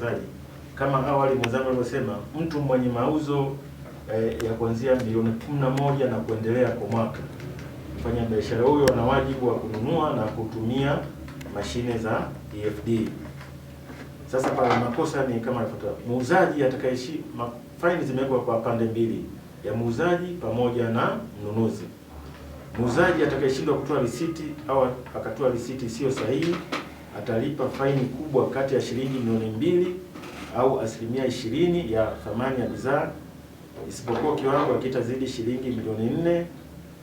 usambazaji. Kama awali mwenzangu alivyosema, mtu mwenye mauzo eh, ya kuanzia milioni kumi na moja na kuendelea kwa mwaka, mfanya biashara huyo ana wajibu wa kununua na kutumia mashine za EFD. Sasa pale makosa ni kama ifuatavyo: muuzaji atakayeishi, faini zimewekwa kwa pande mbili, ya muuzaji pamoja na mnunuzi. Muuzaji atakayeshindwa kutoa risiti au akatoa risiti sio sahihi atalipa faini kubwa kati ya shilingi milioni mbili au asilimia ishirini ya thamani ya bidhaa isipokuwa kiwango hakitazidi shilingi milioni nne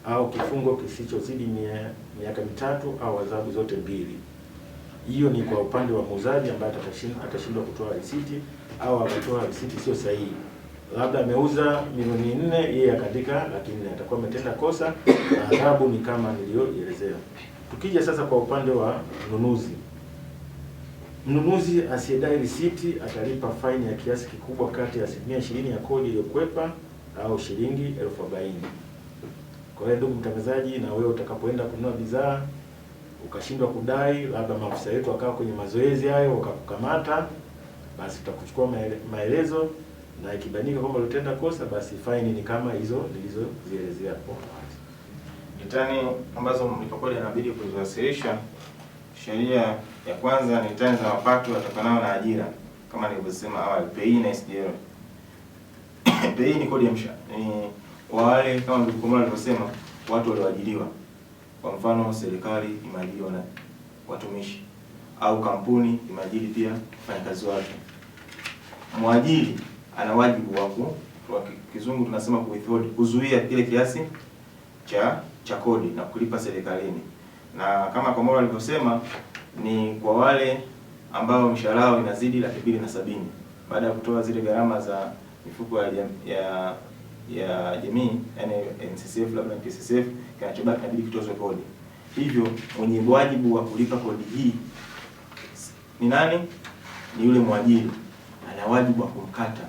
au kifungo kisichozidi miaka mitatu au adhabu zote mbili. Hiyo ni kwa upande wa muuzaji ambaye atashindwa kutoa risiti au akatoa risiti sio sahihi, labda ameuza milioni nne, yeye akaandika laki nne, atakuwa ametenda kosa na adhabu ni kama niliyoelezea. Tukija sasa kwa upande wa mnunuzi Mnunuzi asiyedai risiti atalipa faini ya kiasi kikubwa kati ya asilimia ishirini ya kodi iliyokwepa au shilingi elfu arobaini. Kwa hiyo ndugu mtangazaji, na wewe utakapoenda kununua bidhaa ukashindwa kudai, labda maafisa wetu wakawa kwenye mazoezi hayo wakakukamata, basi tutakuchukua maelezo, na ikibainika kwamba ulitenda kosa, basi faini ni kama hizo nilizozielezea hapo. Mitani ambazo mlipokuwa inabidi kuziwasilisha Sheria ya kwanza ni tani za mapato yatokanayo na ajira, kama nilivyosema awali, PAYE na SGR. PAYE ni kodi ya mshahara ni kwa wale kama ndugu alivyosema, watu walioajiriwa, kwa mfano serikali imeajiriwa na watumishi au kampuni imeajiri pia wafanyakazi wake. Mwajiri ana wajibu wa kwa kizungu tunasema kuwithhold, kuzuia kile kiasi cha cha kodi na kulipa serikalini na kama Komoro alivyosema ni kwa wale ambao mshahara wao inazidi laki mbili na sabini baada ya kutoa zile gharama za mifuko ya ya, ya jamii yani NSSF labda PSSF, kinachobaki inabidi kitozwe kodi. Hivyo mwenye wajibu wa kulipa kodi hii ni nani? Ni yule mwajiri, ana wajibu wa kumkata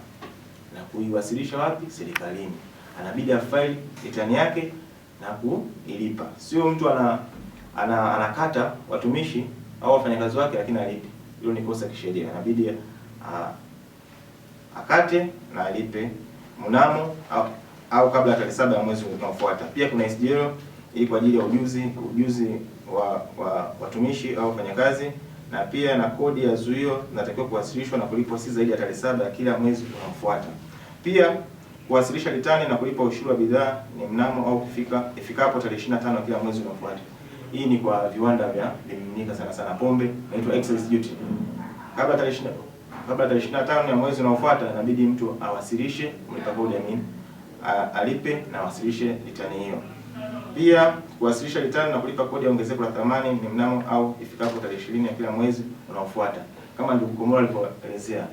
na kuiwasilisha wapi? Serikalini, anabidi afaili ritani yake na kuilipa, sio mtu ana ana, anakata watumishi au wafanyakazi wake, lakini alipi. Hilo ni kosa kisheria, inabidi uh, akate na alipe mnamo au, au kabla ya tarehe saba ya mwezi unaofuata. Pia kuna SGL hii kwa ajili ya ujuzi ujuzi wa, wa watumishi au wafanyakazi, na pia na kodi ya zuio zinatakiwa kuwasilishwa na kulipwa si zaidi ya tarehe saba ya kila mwezi unaofuata. Pia kuwasilisha litani na kulipa ushuru wa bidhaa ni mnamo au kufika ifikapo tarehe 25 kila mwezi unaofuata. Hii ni kwa viwanda vya vimiminika sana sana pombe, inaitwa excise duty. Kabla tarehe kabla tarehe 25 ya mwezi unaofuata inabidi mtu awasilishe mlipa kodi amini, alipe na awasilishe litani hiyo. Pia kuwasilisha litani na kulipa kodi ya ongezeko la thamani ni mnamo au ifikapo tarehe 20 ya kila mwezi unaofuata, kama ndugu Komora alivyoelezea.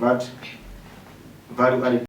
But value added